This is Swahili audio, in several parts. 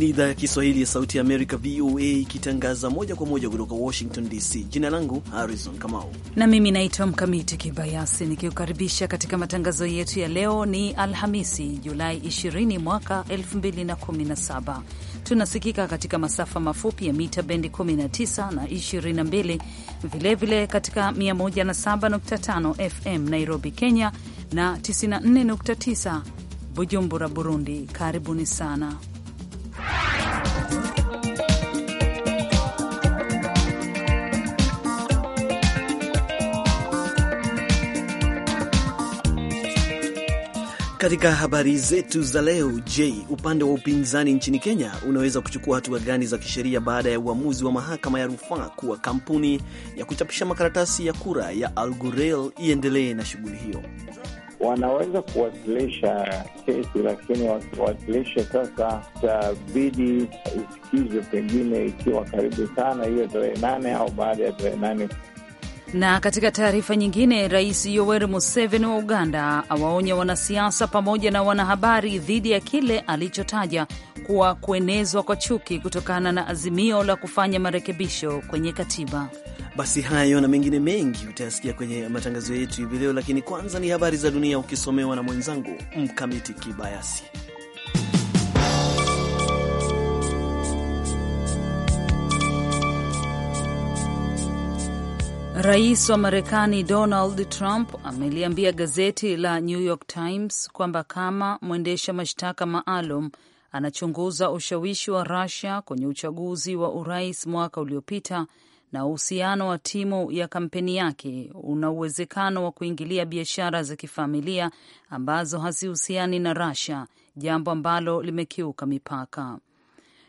Hii ni idhaa ya Kiswahili ya Sauti ya Amerika, VOA, ikitangaza moja kwa moja kutoka Washington DC. Jina langu Harrison Kamau na mimi naitwa Mkamiti Kibayasi, nikiukaribisha katika matangazo yetu ya leo. Ni Alhamisi, Julai 20 mwaka 2017. Tunasikika katika masafa mafupi ya mita bendi 19 na 22, vilevile vile katika 107.5 FM Nairobi, Kenya na 94.9 Bujumbura, Burundi. Karibuni sana. Katika habari zetu za leo, je, upande wa upinzani nchini Kenya unaweza kuchukua hatua gani za kisheria baada ya uamuzi wa mahakama ya rufaa kuwa kampuni ya kuchapisha makaratasi ya kura ya algorel iendelee na shughuli hiyo? Wanaweza kuwasilisha kesi, lakini wakiwasilisha sasa, itabidi isikizwe, pengine ikiwa karibu sana hiyo tarehe nane au baada ya tarehe nane na katika taarifa nyingine, Rais Yoweri Museveni wa Uganda awaonya wanasiasa pamoja na wanahabari dhidi ya kile alichotaja kuwa kuenezwa kwa chuki kutokana na azimio la kufanya marekebisho kwenye katiba. Basi hayo na mengine mengi utayasikia kwenye matangazo yetu hivi leo, lakini kwanza ni habari za dunia ukisomewa na mwenzangu Mkamiti Kibayasi. Rais wa Marekani Donald Trump ameliambia gazeti la New York Times kwamba kama mwendesha mashtaka maalum anachunguza ushawishi wa Russia kwenye uchaguzi wa urais mwaka uliopita na uhusiano wa timu ya kampeni yake una uwezekano wa kuingilia biashara za kifamilia ambazo hazihusiani na Russia, jambo ambalo limekiuka mipaka.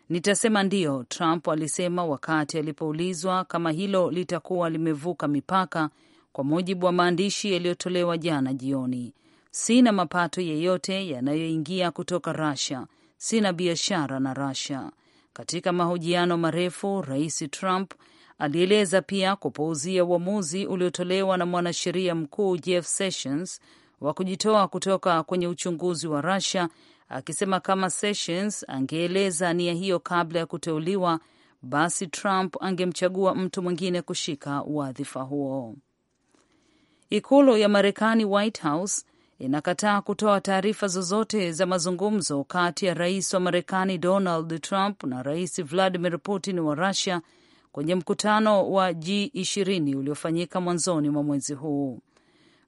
Nitasema ndiyo, Trump alisema wakati alipoulizwa kama hilo litakuwa limevuka mipaka. Kwa mujibu wa maandishi yaliyotolewa jana jioni, sina mapato yeyote yanayoingia kutoka Russia, sina biashara na Russia. Katika mahojiano marefu, Rais Trump alieleza pia kupuuzia uamuzi uliotolewa na mwanasheria mkuu Jeff Sessions wa kujitoa kutoka kwenye uchunguzi wa Russia akisema kama Sessions angeeleza nia hiyo kabla ya kuteuliwa, basi Trump angemchagua mtu mwingine kushika wadhifa huo. Ikulu ya Marekani, White House, inakataa kutoa taarifa zozote za mazungumzo kati ya rais wa Marekani Donald Trump na rais Vladimir Putin wa Russia kwenye mkutano wa G20 uliofanyika mwanzoni mwa mwezi huu.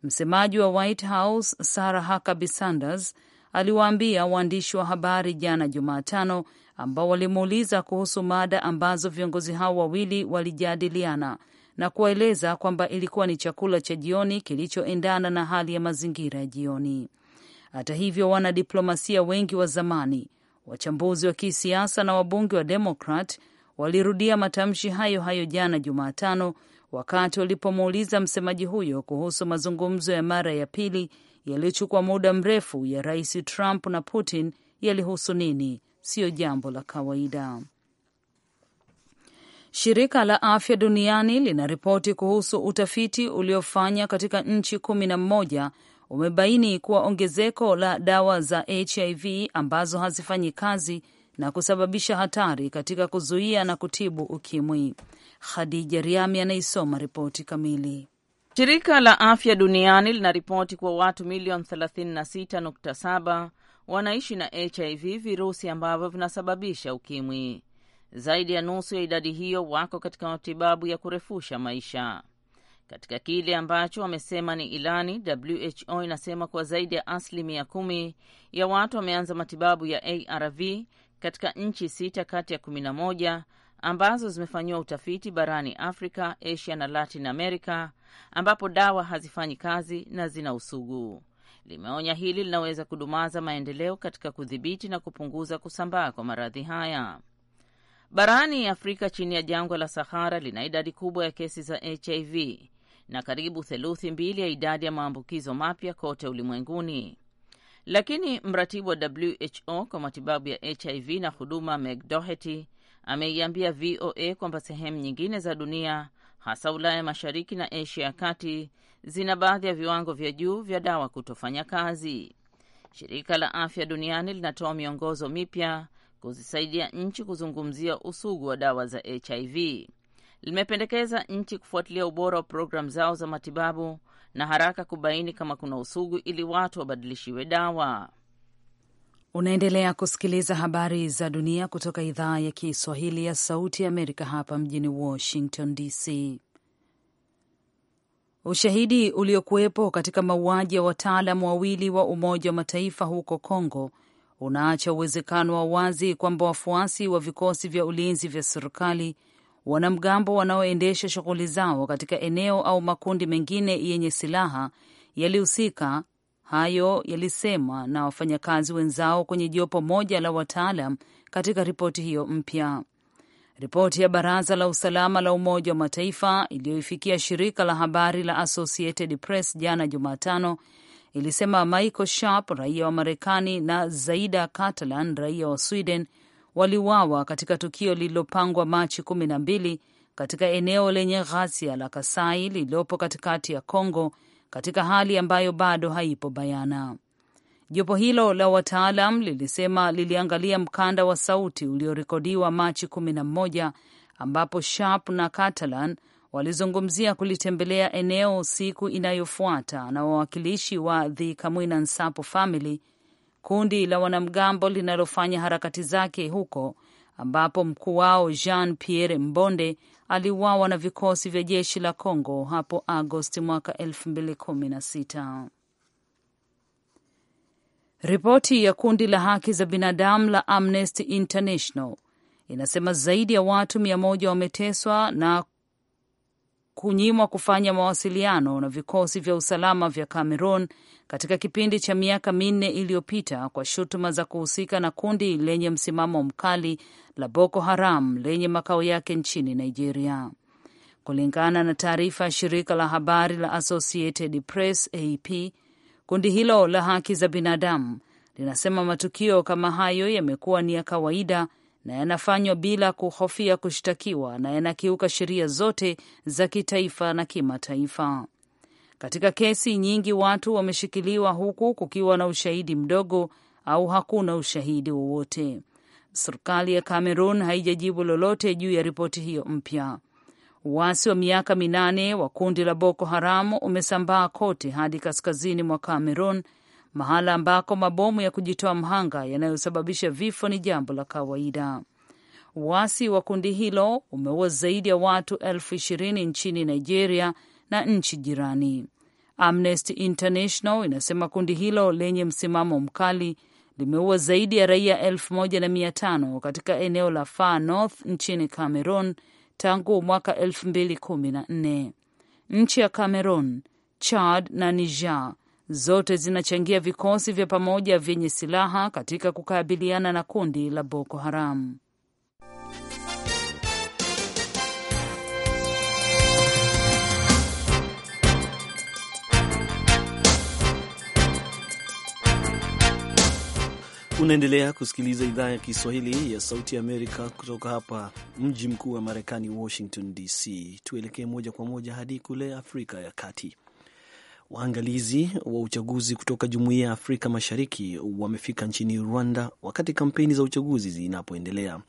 Msemaji wa White House Sarah Huckabee Sanders aliwaambia waandishi wa habari jana Jumatano, ambao walimuuliza kuhusu mada ambazo viongozi hao wawili walijadiliana na kuwaeleza kwamba ilikuwa ni chakula cha jioni kilichoendana na hali ya mazingira ya jioni. Hata hivyo, wanadiplomasia wengi wa zamani, wachambuzi wa kisiasa na wabunge wa Demokrat walirudia matamshi hayo hayo jana Jumatano wakati walipomuuliza msemaji huyo kuhusu mazungumzo ya mara ya pili yaliyochukua muda mrefu ya Rais Trump na Putin yalihusu nini, siyo jambo la kawaida. Shirika la Afya Duniani linaripoti kuhusu utafiti uliofanya katika nchi kumi na mmoja umebaini kuwa ongezeko la dawa za HIV ambazo hazifanyi kazi na kusababisha hatari katika kuzuia na kutibu ukimwi. Khadija Riami anaisoma ripoti kamili. Shirika la Afya Duniani linaripoti kuwa watu milioni 36.7 wanaishi na HIV, virusi ambavyo vinasababisha ukimwi. Zaidi ya nusu ya idadi hiyo wako katika matibabu ya kurefusha maisha. Katika kile ambacho wamesema ni ilani, WHO inasema kuwa zaidi ya asilimia kumi ya watu wameanza matibabu ya ARV katika nchi sita kati ya 11 ambazo zimefanyiwa utafiti barani Afrika, Asia na Latin America, ambapo dawa hazifanyi kazi na zina usugu. Limeonya hili linaweza kudumaza maendeleo katika kudhibiti na kupunguza kusambaa kwa maradhi haya. Barani Afrika chini ya jangwa la Sahara lina idadi kubwa ya kesi za HIV na karibu theluthi mbili ya idadi ya maambukizo mapya kote ulimwenguni. Lakini mratibu wa WHO kwa matibabu ya HIV na huduma Meg Doherty ameiambia VOA kwamba sehemu nyingine za dunia hasa Ulaya Mashariki na Asia ya Kati zina baadhi ya viwango vya juu vya dawa kutofanya kazi. Shirika la Afya Duniani linatoa miongozo mipya kuzisaidia nchi kuzungumzia usugu wa dawa za HIV. Limependekeza nchi kufuatilia ubora wa programu zao za matibabu na haraka kubaini kama kuna usugu ili watu wabadilishiwe dawa. Unaendelea kusikiliza habari za dunia kutoka idhaa ya Kiswahili ya Sauti ya Amerika hapa mjini Washington DC. Ushahidi uliokuwepo katika mauaji ya wataalam wawili wa Umoja wa Mataifa huko congo unaacha uwezekano wa wazi kwamba wafuasi wa vikosi vya ulinzi vya serikali, wanamgambo wanaoendesha shughuli zao katika eneo au makundi mengine yenye silaha yalihusika Hayo yalisemwa na wafanyakazi wenzao kwenye jopo moja la wataalam katika ripoti hiyo mpya. Ripoti ya Baraza la Usalama la Umoja wa Mataifa iliyoifikia shirika la habari la Associated Press jana Jumatano ilisema Michael Sharp, raia wa Marekani, na Zaida Catalan, raia wa Sweden, waliuawa katika tukio lililopangwa Machi kumi na mbili katika eneo lenye ghasia la Kasai lililopo katikati ya congo katika hali ambayo bado haipo bayana. Jopo hilo la wataalam lilisema liliangalia mkanda wa sauti uliorekodiwa Machi 11 ambapo Sharp na Catalan walizungumzia kulitembelea eneo siku inayofuata na wawakilishi wa the Kamwina Family, kundi la wanamgambo linalofanya harakati zake huko ambapo mkuu wao Jean Pierre Mbonde aliuawa na vikosi vya jeshi la Congo hapo Agosti mwaka 2016. Ripoti ya kundi la haki za binadamu la Amnesty International inasema zaidi ya watu mia moja wameteswa na kunyimwa kufanya mawasiliano na vikosi vya usalama vya Cameroon katika kipindi cha miaka minne iliyopita kwa shutuma za kuhusika na kundi lenye msimamo mkali la Boko Haram lenye makao yake nchini Nigeria. Kulingana na taarifa ya shirika la habari la Associated Press AP, kundi hilo la haki za binadamu linasema matukio kama hayo yamekuwa ni ya kawaida na yanafanywa bila kuhofia kushtakiwa na yanakiuka sheria zote za kitaifa na kimataifa. Katika kesi nyingi watu wameshikiliwa huku kukiwa na ushahidi mdogo au hakuna ushahidi wowote. Serikali ya Cameroon haijajibu lolote juu ya ripoti hiyo mpya. Uasi wa miaka minane wa kundi la Boko Haram umesambaa kote hadi kaskazini mwa Cameroon mahala ambako mabomu ya kujitoa mhanga yanayosababisha vifo ni jambo la kawaida. Uasi wa kundi hilo umeua zaidi ya watu elfu ishirini nchini Nigeria na nchi jirani. Amnesty International inasema kundi hilo lenye msimamo mkali limeua zaidi ya raia elfu moja na mia tano katika eneo la Far North nchini Cameroon tangu mwaka elfu mbili kumi na nne. Nchi ya Cameroon, Chad na Niger zote zinachangia vikosi vya pamoja vyenye silaha katika kukabiliana na kundi la Boko Haram. Unaendelea kusikiliza idhaa ya Kiswahili ya Sauti ya Amerika kutoka hapa mji mkuu wa Marekani, Washington DC. Tuelekee moja kwa moja hadi kule Afrika ya Kati. Waangalizi wa uchaguzi kutoka Jumuiya ya Afrika Mashariki wamefika nchini Rwanda wakati kampeni za uchaguzi zinapoendelea.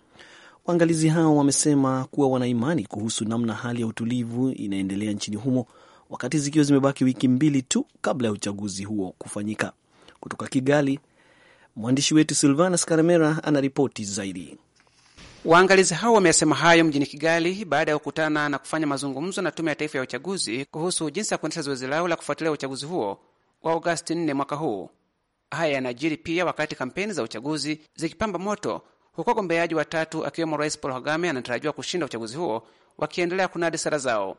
Waangalizi hao wamesema kuwa wanaimani kuhusu namna hali ya utulivu inaendelea nchini humo wakati zikiwa zimebaki wiki mbili tu kabla ya uchaguzi huo kufanyika. Kutoka Kigali, mwandishi wetu Silvanas Karemera anaripoti zaidi. Waangalizi hao wameyasema hayo mjini Kigali baada ya kukutana na kufanya mazungumzo na Tume ya Taifa ya Uchaguzi kuhusu jinsi ya kuendesha zoezi lao la kufuatilia uchaguzi huo wa Agosti 4 mwaka huu. Haya yanajiri pia wakati kampeni za uchaguzi zikipamba moto, huku wagombeaji watatu akiwemo Rais Paul Kagame anatarajiwa kushinda uchaguzi huo wakiendelea kunadi sera zao.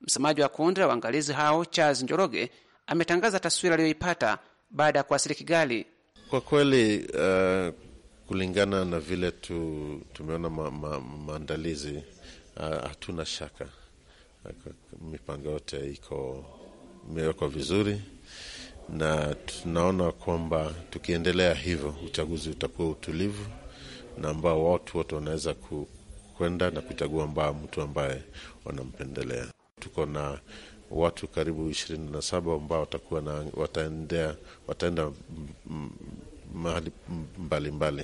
Msemaji wa kundi la waangalizi hao Charles Njoroge ametangaza taswira aliyoipata baada ya kuwasili Kigali. Kwa kweli uh kulingana na vile tu, tumeona ma, ma, maandalizi ah, hatuna shaka mipango yote iko imewekwa vizuri, na tunaona kwamba tukiendelea hivyo uchaguzi utakuwa utulivu na ambao watu wote wanaweza kwenda na kuchagua mbao mtu ambaye wanampendelea. Tuko na watu karibu ishirini na saba ambao watakuwa na wataendea wataenda mahali mbalimbali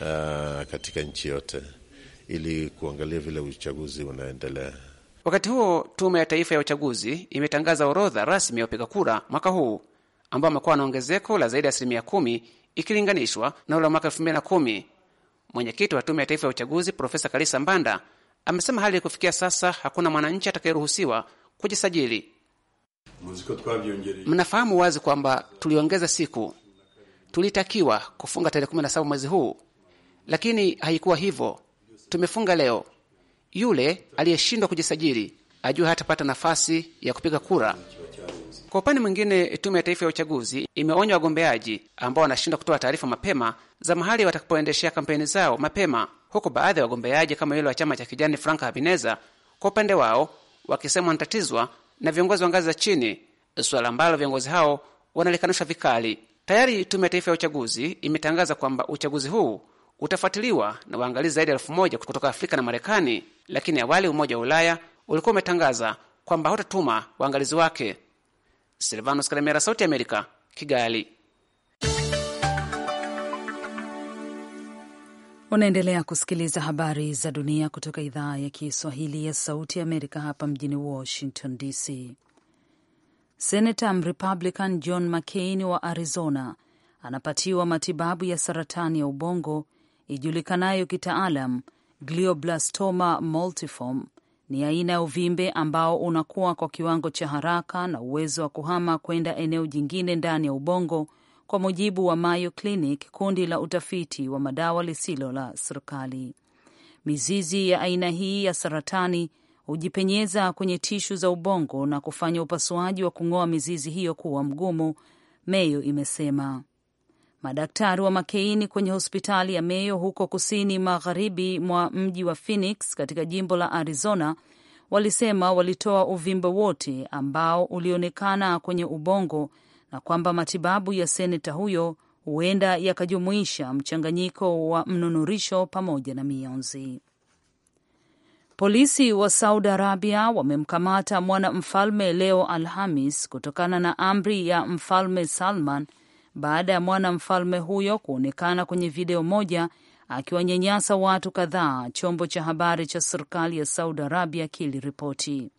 uh, katika nchi yote ili kuangalia vile uchaguzi unaendelea. Wakati huo Tume ya Taifa ya Uchaguzi imetangaza orodha rasmi ya wapiga kura mwaka huu ambao amekuwa na ongezeko la zaidi ya asilimia kumi ikilinganishwa na ule wa mwaka elfu mbili na kumi. Mwenyekiti wa Tume ya Taifa ya Uchaguzi Profesa Kalisa Mbanda amesema hali ya kufikia sasa hakuna mwananchi atakayeruhusiwa kujisajili. Mnafahamu wazi kwamba tuliongeza siku Tulitakiwa kufunga tarehe 17 mwezi huu, lakini haikuwa hivyo. Tumefunga leo. Yule aliyeshindwa kujisajili ajue hatapata nafasi ya kupiga kura. Kwa upande mwingine, Tume ya Taifa ya Uchaguzi imeonya wagombeaji ambao wanashindwa kutoa taarifa mapema za mahali watakapoendeshea kampeni zao mapema, huku baadhi ya wagombeaji kama yule wa chama cha kijani Frank Habineza kwa upande wao wakisema wanatatizwa na viongozi wa ngazi za chini, suala ambalo viongozi hao wanalikanusha vikali. Tayari Tume ya Taifa ya Uchaguzi imetangaza kwamba uchaguzi huu utafuatiliwa na waangalizi zaidi ya elfu moja kutoka Afrika na Marekani, lakini awali Umoja wa Ulaya ulikuwa umetangaza kwamba hautatuma waangalizi wake. Silvanos Kalemera, Sauti ya Amerika, Kigali. Unaendelea kusikiliza habari za dunia kutoka idhaa ya Kiswahili ya Sauti ya Amerika hapa mjini Washington DC. Senata Mrepublican John McCain wa Arizona anapatiwa matibabu ya saratani ya ubongo ijulikanayo kitaalam glioblastoma multiforme. Ni aina ya uvimbe ambao unakuwa kwa kiwango cha haraka na uwezo wa kuhama kwenda eneo jingine ndani ya ubongo, kwa mujibu wa Mayo Clinic, kundi la utafiti wa madawa lisilo la serikali. Mizizi ya aina hii ya saratani hujipenyeza kwenye tishu za ubongo na kufanya upasuaji wa kung'oa mizizi hiyo kuwa mgumu, Meyo imesema. Madaktari wa Makeini kwenye hospitali ya Meyo huko kusini magharibi mwa mji wa Phoenix katika jimbo la Arizona walisema walitoa uvimbe wote ambao ulionekana kwenye ubongo na kwamba matibabu ya seneta huyo huenda yakajumuisha mchanganyiko wa mnunurisho pamoja na mionzi. Polisi wa Saudi Arabia wamemkamata mwanamfalme leo Alhamis kutokana na amri ya mfalme Salman baada ya mwanamfalme huyo kuonekana kwenye video moja akiwanyanyasa watu kadhaa, chombo cha habari cha serikali ya Saudi Arabia kiliripoti.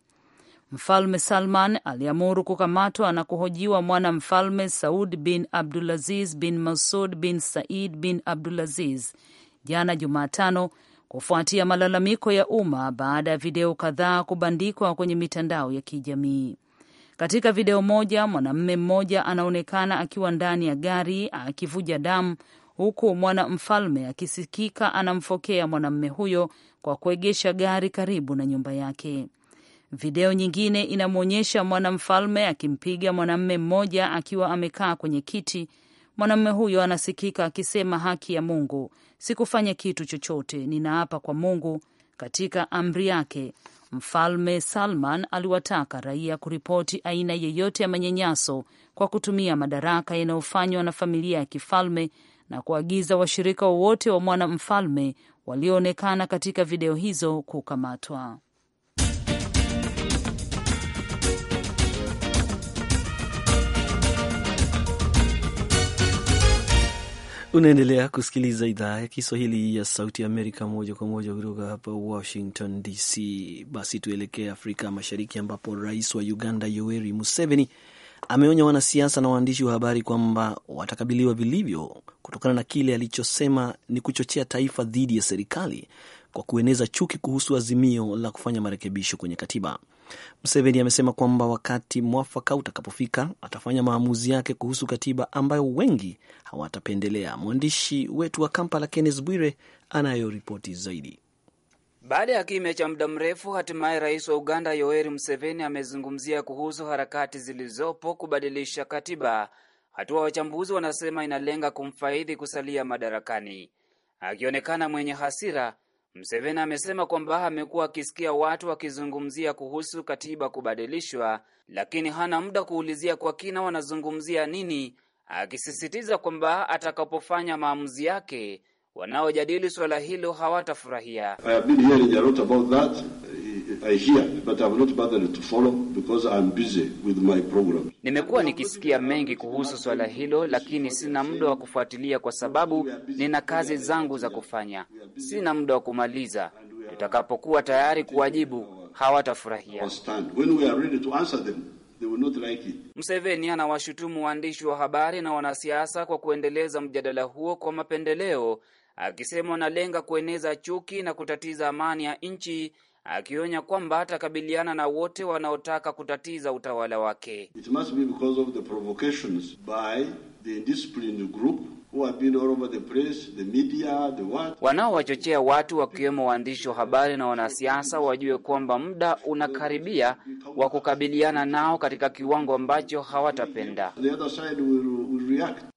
Mfalme Salman aliamuru kukamatwa na kuhojiwa mwanamfalme Saud bin Abdulaziz bin Masud bin Said bin Abdulaziz jana Jumatano kufuatia malalamiko ya umma baada ya video kadhaa kubandikwa kwenye mitandao ya kijamii. Katika video moja, mwanamume mmoja anaonekana akiwa ndani ya gari akivuja damu huku mwanamfalme akisikika anamfokea mwanamume huyo kwa kuegesha gari karibu na nyumba yake. Video nyingine inamwonyesha mwanamfalme akimpiga mwanamume mmoja akiwa amekaa kwenye kiti Mwanamume huyo anasikika akisema, haki ya Mungu, sikufanya kitu chochote, ninaapa kwa Mungu. Katika amri yake, Mfalme Salman aliwataka raia kuripoti aina yeyote ya manyanyaso kwa kutumia madaraka yanayofanywa na familia ya kifalme na kuagiza washirika wowote wa mwanamfalme walioonekana katika video hizo kukamatwa. Unaendelea kusikiliza idhaa ya Kiswahili ya Sauti ya Amerika moja kwa moja kutoka hapa Washington DC. Basi tuelekee Afrika Mashariki, ambapo rais wa Uganda Yoweri Museveni ameonya wanasiasa na waandishi wa habari kwamba watakabiliwa vilivyo kutokana na kile alichosema ni kuchochea taifa dhidi ya serikali kwa kueneza chuki kuhusu azimio la kufanya marekebisho kwenye katiba. Museveni amesema kwamba wakati mwafaka utakapofika atafanya maamuzi yake kuhusu katiba ambayo wengi hawatapendelea. Mwandishi wetu wa Kampala, Kenneth Bwire, anayoripoti zaidi. Baada ya kimya cha muda mrefu, hatimaye rais wa Uganda Yoweri Museveni amezungumzia kuhusu harakati zilizopo kubadilisha katiba, hatua wachambuzi wanasema inalenga kumfaidhi kusalia madarakani. Akionekana mwenye hasira, mseveni amesema kwamba amekuwa akisikia watu wakizungumzia kuhusu katiba kubadilishwa, lakini hana muda kuulizia kwa kina wanazungumzia nini, akisisitiza kwamba atakapofanya maamuzi yake wanaojadili suala hilo hawatafurahia. I hear, but I'm not bothered to follow because I'm busy with my program. Nimekuwa nikisikia mengi kuhusu swala hilo, lakini sina muda wa kufuatilia kwa sababu nina kazi zangu za kufanya. Sina muda wa kumaliza. Tutakapokuwa tayari kuwajibu, hawatafurahia. Like anawashutumu waandishi wa habari na wanasiasa kwa kuendeleza mjadala huo kwa mapendeleo, akisema wanalenga kueneza chuki na kutatiza amani ya nchi akionya kwamba atakabiliana na wote wanaotaka kutatiza utawala wake. It must be because of the provocations by the indisciplined group wanaowachochea watu wakiwemo waandishi wa habari na wanasiasa wajue kwamba muda unakaribia wa kukabiliana nao katika kiwango ambacho hawatapenda.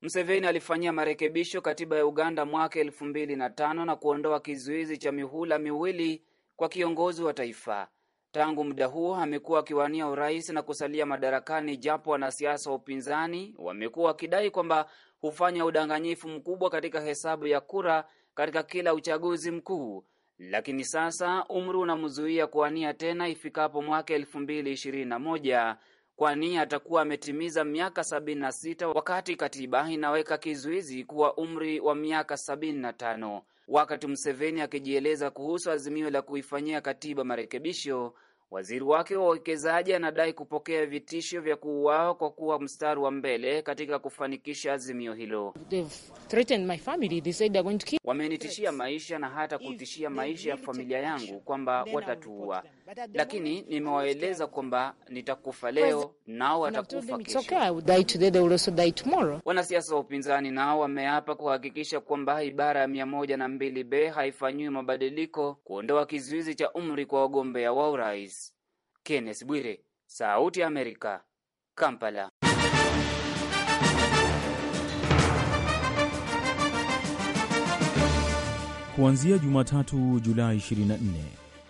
Mseveni alifanyia marekebisho katiba ya Uganda mwaka elfu mbili na tano na kuondoa kizuizi cha mihula miwili kwa kiongozi wa taifa. Tangu muda huo amekuwa akiwania urais na kusalia madarakani, japo wanasiasa wa upinzani wamekuwa wakidai kwamba hufanya udanganyifu mkubwa katika hesabu ya kura katika kila uchaguzi mkuu, lakini sasa umri unamzuia kuwania tena ifikapo mwaka elfu mbili ishirini na moja kwani atakuwa ametimiza miaka 76 wakati katiba inaweka kizuizi kuwa umri wa miaka 75 Wakati mseveni akijieleza kuhusu azimio la kuifanyia katiba marekebisho, waziri wake wa uwekezaji anadai kupokea vitisho vya kuuawa kwa kuwa mstari wa mbele katika kufanikisha azimio hilo. Wamenitishia maisha na hata kutishia maisha ya familia yangu kwamba watatuua lakini nimewaeleza kwamba nitakufa leo nao watakufa kesho. Wanasiasa wa upinzani nao wameapa kuhakikisha kwamba ibara ya mia moja na mbili b haifanyiwi mabadiliko kuondoa kizuizi cha umri kwa wagombea wa urais. Kenneth Bwire, Sauti ya Amerika, Kampala. Kuanzia Jumatatu Julai 24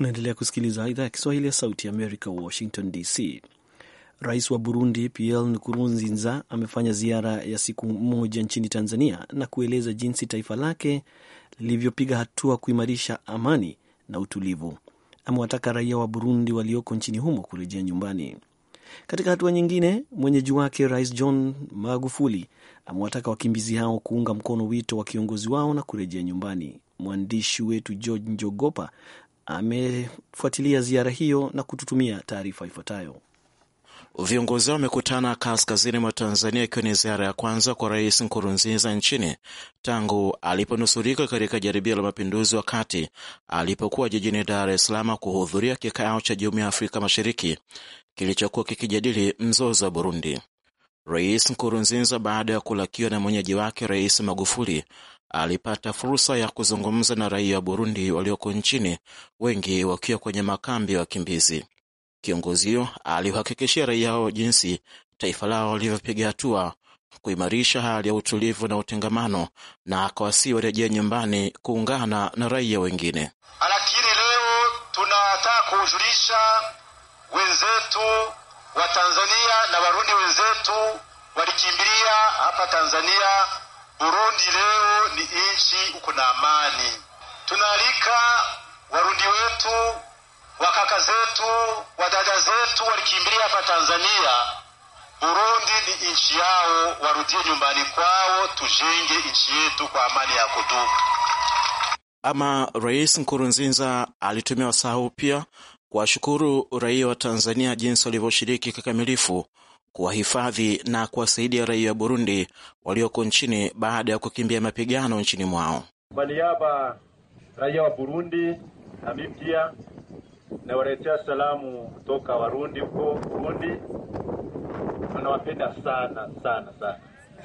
Unaendelea kusikiliza idhaa ya Kiswahili ya Sauti ya Amerika, Washington DC. Rais wa Burundi Pierre Nkurunziza amefanya ziara ya siku moja nchini Tanzania na kueleza jinsi taifa lake lilivyopiga hatua kuimarisha amani na utulivu. Amewataka raia wa Burundi walioko nchini humo kurejea nyumbani. Katika hatua nyingine, mwenyeji wake Rais John Magufuli amewataka wakimbizi hao kuunga mkono wito wa kiongozi wao na kurejea nyumbani. Mwandishi wetu George Njogopa amefuatilia ziara hiyo na kututumia taarifa ifuatayo. Viongozi hao wamekutana kaskazini mwa Tanzania, ikiwa ni ziara ya kwanza kwa Rais Nkurunziza nchini tangu aliponusurika katika jaribio la mapinduzi, wakati alipokuwa jijini Dar es Salaam kuhudhuria kikao cha Jumuiya ya Afrika Mashariki kilichokuwa kikijadili mzozo wa Burundi. Rais Nkurunziza, baada ya kulakiwa na mwenyeji wake Rais Magufuli, alipata fursa ya kuzungumza na raia wa Burundi walioko nchini, wengi wakiwa kwenye makambi ya wakimbizi. Kiongozi huyo aliwahakikishia raia hao jinsi taifa lao lilivyopiga hatua kuimarisha hali ya utulivu na utengamano, na akawasii warejea nyumbani kuungana na raia wengine. Lakini leo tunataka kuhujulisha wenzetu wa Tanzania na Warundi wenzetu walikimbilia hapa Tanzania Burundi leo ni nchi uko na amani. Tunaalika Warundi wetu, wakaka zetu, wadada zetu walikimbilia hapa Tanzania. Burundi ni nchi yao, warudie nyumbani kwao, tujenge nchi yetu kwa amani ya kudumu. Ama Rais Nkurunziza alitumia wasahau pia kuwashukuru raia wa Tanzania jinsi walivyoshiriki kikamilifu kuwahifadhi na kuwasaidia raia wa Burundi walioko nchini baada ya kukimbia mapigano nchini mwao. Kwa niaba raia wa Burundi nami pia nawaletea salamu kutoka Warundi huko Burundi, wanawapenda sana sana sana.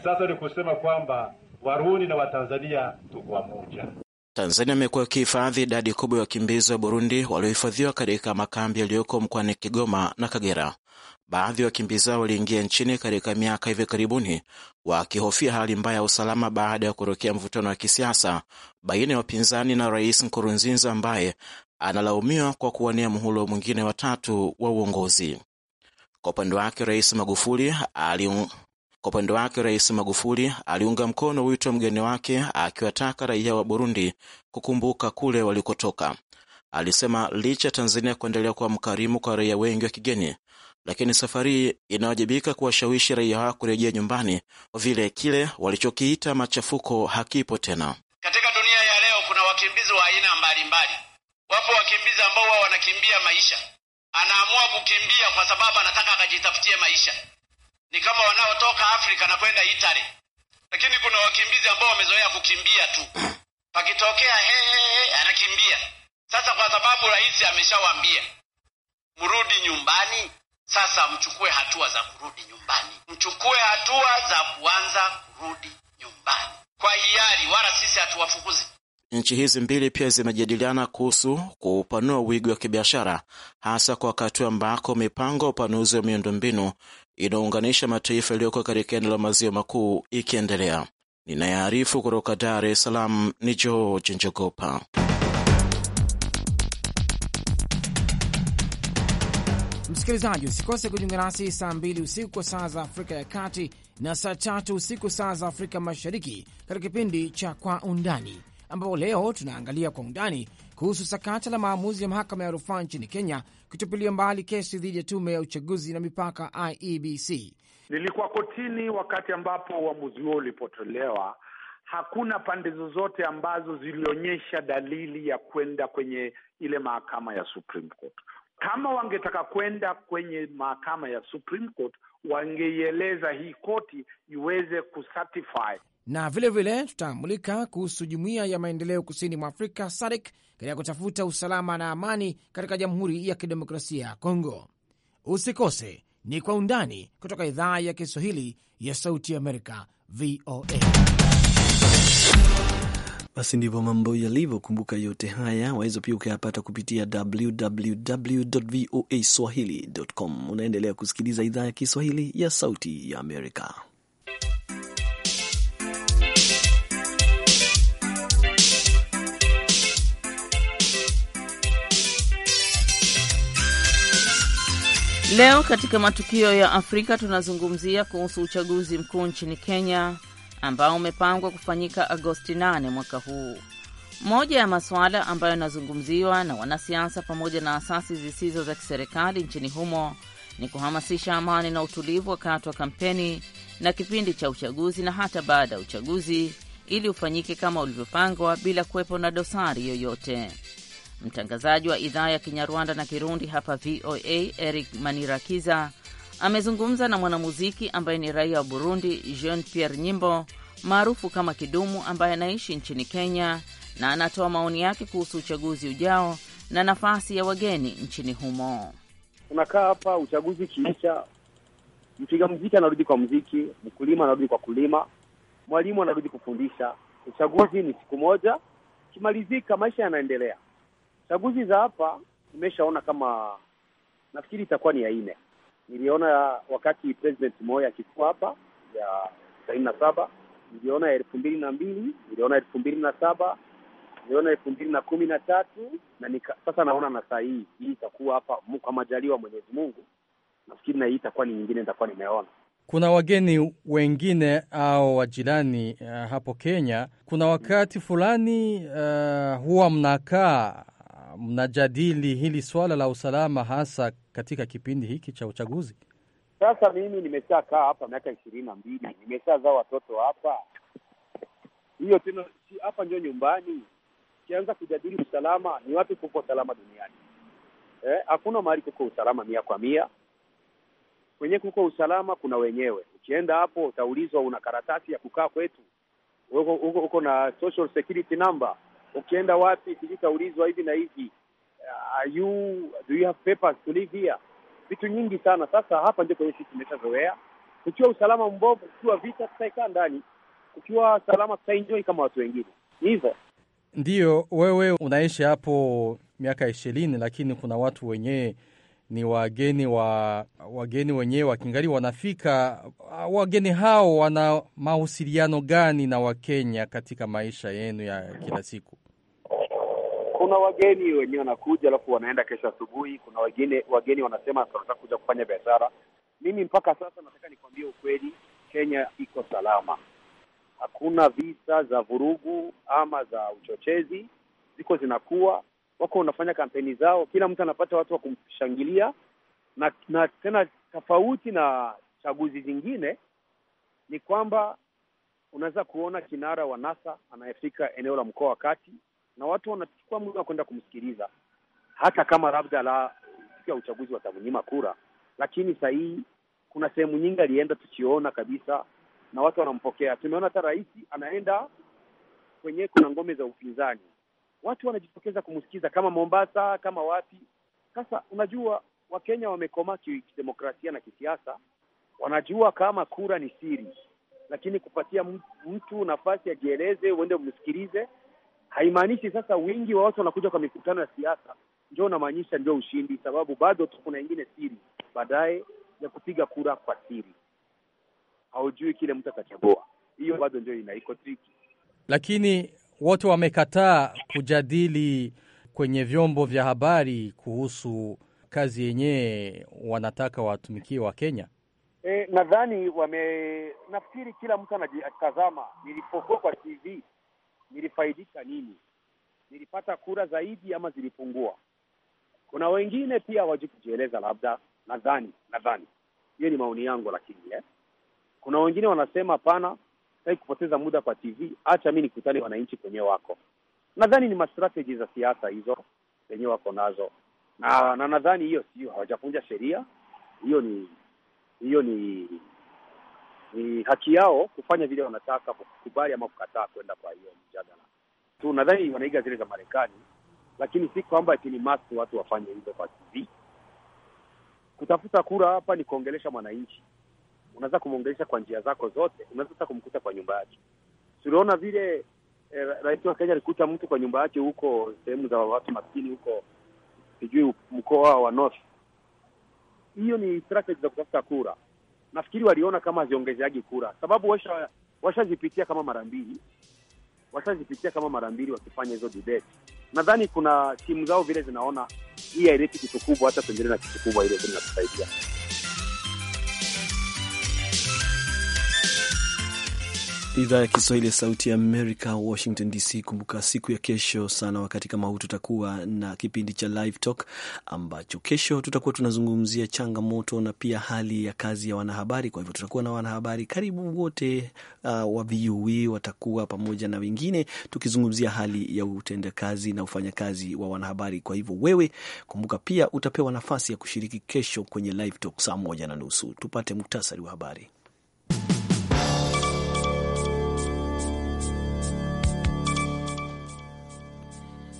Sasa ni kusema kwamba Warundi na Watanzania tuko wamoja. Tanzania imekuwa ikihifadhi idadi kubwa ya wakimbizi wa Burundi waliohifadhiwa katika makambi yaliyoko mkoani Kigoma na Kagera. Baadhi ya wakimbizi hao waliingia nchini katika miaka hivi karibuni wakihofia hali mbaya ya usalama baada ya kutokea mvutano wa kisiasa baina ya wapinzani na Rais Nkurunziza ambaye analaumiwa kwa kuwania muhula mwingine watatu wa uongozi. Kwa upande wake Rais Magufuli kwa upande wake Rais Magufuli aliunga mkono wito wa mgeni wake akiwataka raia wa Burundi kukumbuka kule walikotoka. Alisema licha ya Tanzania kuendelea kuwa mkarimu kwa raia wengi wa kigeni, lakini safari inawajibika kuwashawishi raia hao kurejea nyumbani, kwa vile kile walichokiita machafuko hakipo tena katika dunia ya leo. Kuna wakimbizi wa aina mbalimbali. Wapo wakimbizi ambao wao wanakimbia maisha, anaamua kukimbia kwa sababu anataka akajitafutie maisha, ni kama wanaotoka Afrika na kwenda Italy. Lakini kuna wakimbizi ambao wamezoea kukimbia tu, pakitokea hey, anakimbia sasa kwa sababu rais ameshawaambia mrudi nyumbani, sasa mchukue hatua za kurudi nyumbani, mchukue hatua za kuanza kurudi nyumbani kwa hiari, wala sisi hatuwafukuzi. Nchi hizi mbili pia zimejadiliana kuhusu kuupanua wigo wa kibiashara, hasa kwa wakati ambako mipango ya upanuzi wa miundombinu inaunganisha mataifa yaliyoko katika eneo la maziwa makuu ikiendelea. Ninayaarifu kutoka Dar es Salaam ni George Njogopa. Msikilizaji, usikose kujiunga nasi saa mbili usiku kwa saa za Afrika ya Kati na saa tatu usiku saa za Afrika Mashariki katika kipindi cha Kwa Undani, ambapo leo tunaangalia kwa undani kuhusu sakata la maamuzi ya mahakama ya rufaa nchini Kenya kutupilia mbali kesi dhidi ya tume ya uchaguzi na mipaka IEBC. Nilikuwa kotini wakati ambapo uamuzi huo ulipotolewa. Hakuna pande zozote ambazo zilionyesha dalili ya kwenda kwenye ile mahakama ya Supreme Court. Kama wangetaka kwenda kwenye mahakama ya Supreme Court, wangeieleza hii koti iweze kusatify. Na vile vile tutamulika kuhusu jumuiya ya maendeleo kusini mwa Afrika SADC katika kutafuta usalama na amani katika Jamhuri ya Kidemokrasia ya Kongo. Usikose, ni kwa undani kutoka idhaa ya Kiswahili ya Sauti ya Amerika, VOA. Basi ndivyo mambo yalivyo. Kumbuka yote haya waweza pia ukayapata kupitia www voa swahilicom Unaendelea kusikiliza idhaa ya Kiswahili ya Sauti ya Amerika. Leo katika matukio ya Afrika tunazungumzia kuhusu uchaguzi mkuu nchini Kenya ambao umepangwa kufanyika Agosti 8 mwaka huu. Moja ya masuala ambayo yanazungumziwa na wanasiasa pamoja na asasi zisizo za kiserikali nchini humo ni kuhamasisha amani na utulivu wakati wa kampeni na kipindi cha uchaguzi na hata baada ya uchaguzi ili ufanyike kama ulivyopangwa bila kuwepo na dosari yoyote. Mtangazaji wa idhaa ya Kinyarwanda na Kirundi hapa VOA Eric Manirakiza amezungumza na mwanamuziki ambaye ni raia wa Burundi, Jean Pierre Nyimbo maarufu kama Kidumu, ambaye anaishi nchini Kenya na anatoa maoni yake kuhusu uchaguzi ujao na nafasi ya wageni nchini humo. unakaa hapa, uchaguzi ukiisha, mpiga mziki anarudi kwa mziki, mkulima anarudi kwa kulima, mwalimu anarudi kufundisha. Uchaguzi ni siku moja, kimalizika maisha yanaendelea. Chaguzi za hapa imeshaona kama nafikiri itakuwa ni ya nne niliona wakati President Moi akikuwa hapa ya tisaini na saba, niliona elfu mbili na mbili, niliona elfu mbili na saba, niliona elfu mbili na kumi na tatu na nika, sasa naona na saa hii hii itakuwa hapa kwa majaliwa Mwenyezi Mungu, nafikiri na hii itakuwa ni nyingine nitakuwa nimeona kuna wageni wengine au wajirani uh, hapo Kenya kuna wakati fulani uh, huwa mnakaa mnajadili hili swala la usalama hasa katika kipindi hiki cha uchaguzi? Sasa mimi nimesha kaa hapa miaka ishirini na mbili, nimeshazaa watoto hapa, hiyo tena hapa ndio nyumbani. Ukianza kujadili usalama, ni wapi kuko usalama duniani? Eh, hakuna eh, mahali kuko usalama mia kwa mia. Kwenye kuko usalama kuna wenyewe. Ukienda hapo utaulizwa una karatasi ya kukaa kwetu, uko, uko, uko na social security number ukienda wapi sijui utaulizwa hivi na hivi, are you do you have papers to live here, vitu nyingi sana. Sasa hapa ndio kwenye sisi tumeshazoea, kukiwa usalama mbovu, kukiwa vita tutaikaa ndani, kukiwa salama tutaenjoi kama watu wengine, hivo hivyo. wewe unaishi hapo miaka ishirini, lakini kuna watu wenyewe ni wageni wa wageni wenyewe wakingali wanafika. Wageni hao wana mahusiliano gani na Wakenya katika maisha yenu ya kila siku? kuna wageni wenyewe wanakuja, alafu wanaenda kesho asubuhi. Kuna wageni wageni wanasema tunataka kuja kufanya biashara. Mimi mpaka sasa nataka nikwambie ukweli, Kenya iko salama, hakuna visa za vurugu ama za uchochezi, ziko zinakuwa, wako wanafanya kampeni zao, kila mtu anapata watu wa kumshangilia na, na tena tofauti na chaguzi zingine ni kwamba unaweza kuona kinara wa NASA anayefika eneo la mkoa wa kati na watu wanachukua muda wa kwenda kumsikiliza, hata kama labda la siku ya uchaguzi watamnyima kura, lakini saa hii kuna sehemu nyingi alienda tukiona kabisa na watu wanampokea. Tumeona hata rais anaenda kwenyewe, kuna ngome za upinzani, watu wanajitokeza kumsikiza, kama Mombasa, kama wapi. Sasa unajua Wakenya wamekomaa kidemokrasia na kisiasa, wanajua kama kura ni siri, lakini kupatia mtu nafasi ajieleze, uende umsikilize, haimaanishi sasa wingi wa watu wanakuja kwa mikutano ya siasa ndio unamaanisha ndio ushindi, sababu bado tu kuna ingine siri baadaye ya kupiga kura kwa siri, haujui kile mtu atachagua. Hiyo bado ndio ina iko triki, lakini wote wamekataa kujadili kwenye vyombo vya habari kuhusu kazi yenyewe, wanataka watumikie wa Kenya. E, nadhani wame, nafikiri kila mtu anajitazama. Nilipokuwa kwa TV nilifaidika nini? Nilipata kura zaidi ama zilipungua? Kuna wengine pia hawaji kujieleza, labda nadhani, nadhani hiyo ni maoni yangu, lakini eh, kuna wengine wanasema hapana, sitaki kupoteza muda kwa TV, acha mi nikutane wananchi kwenye wako. Nadhani ni mastrateji za siasa hizo zenye wako nazo, na na nadhani hiyo sio, hawajapunja sheria hiyo, ni hiyo ni ni haki yao kufanya vile wanataka, kukubali ama kukataa kwenda kwa hiyo mjadala tu. Nadhani wanaiga zile za Marekani, lakini si kwamba ni must watu wafanye hivyo kwa TV. Kutafuta kura hapa ni kuongelesha mwananchi, unaweza kumwongelesha kwa njia zako zote, unaweza kumkuta kwa nyumba yake. Tuliona vile eh, rais wa Kenya alikuta mtu kwa nyumba yake huko sehemu za watu maskini huko, sijui mkoa wa North. Hiyo ni strategy za kutafuta kura nafikiri waliona kama haziongezeaji kura, sababu washa washazipitia kama mara mbili, washazipitia kama mara mbili wakifanya hizo debate. Nadhani kuna timu zao vile zinaona hii haileti kitu kubwa, hata tuendelee na kitu kubwa ile inatusaidia Idhaa ya Kiswahili ya Sauti ya Amerika, Washington DC. Kumbuka siku ya kesho sana wakati kama huu tutakuwa na kipindi cha Live Talk ambacho kesho tutakuwa tunazungumzia changamoto na pia hali ya kazi ya wanahabari. Kwa hivyo tutakuwa na wanahabari karibu wote uh, wa VUE watakuwa pamoja na wengine tukizungumzia hali ya utendakazi na ufanyakazi wa wanahabari. Kwa hivyo wewe, kumbuka pia utapewa nafasi ya kushiriki kesho kwenye Live Talk saa moja na nusu. Tupate muktasari wa habari.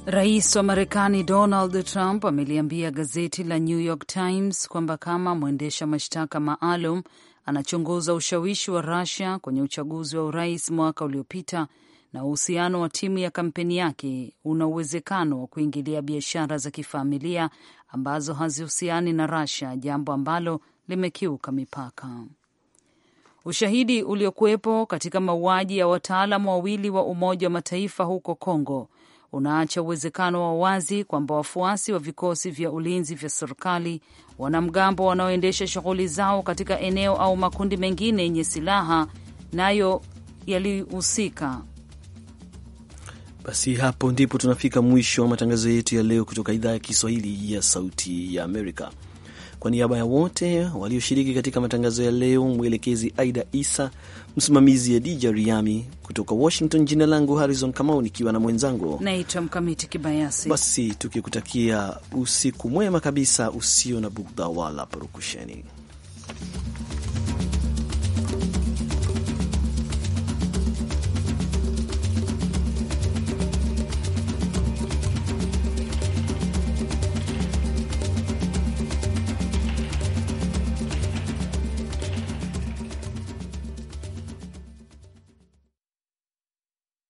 Rais wa Marekani Donald Trump ameliambia gazeti la New York Times kwamba kama mwendesha mashtaka maalum anachunguza ushawishi wa rasia kwenye uchaguzi wa urais mwaka uliopita na uhusiano wa timu ya kampeni yake una uwezekano wa kuingilia biashara za kifamilia ambazo hazihusiani na rasia jambo ambalo limekiuka mipaka. Ushahidi uliokuwepo katika mauaji ya wataalamu wawili wa Umoja wa Mataifa huko congo unaacha uwezekano wa wazi kwamba wafuasi wa vikosi vya ulinzi vya serikali, wanamgambo wanaoendesha shughuli zao katika eneo au makundi mengine yenye silaha nayo yalihusika. Basi hapo ndipo tunafika mwisho wa matangazo yetu ya leo kutoka idhaa ya Kiswahili ya Sauti ya Amerika. Kwa niaba ya wote walioshiriki katika matangazo ya leo, mwelekezi Aida Isa, msimamizi Adija Riami kutoka Washington. Jina langu Harrison Kamau, nikiwa na mwenzangu naitwa Mkamiti Kibayasi. Basi tukikutakia usiku mwema kabisa usio na bugdha wala purukusheni.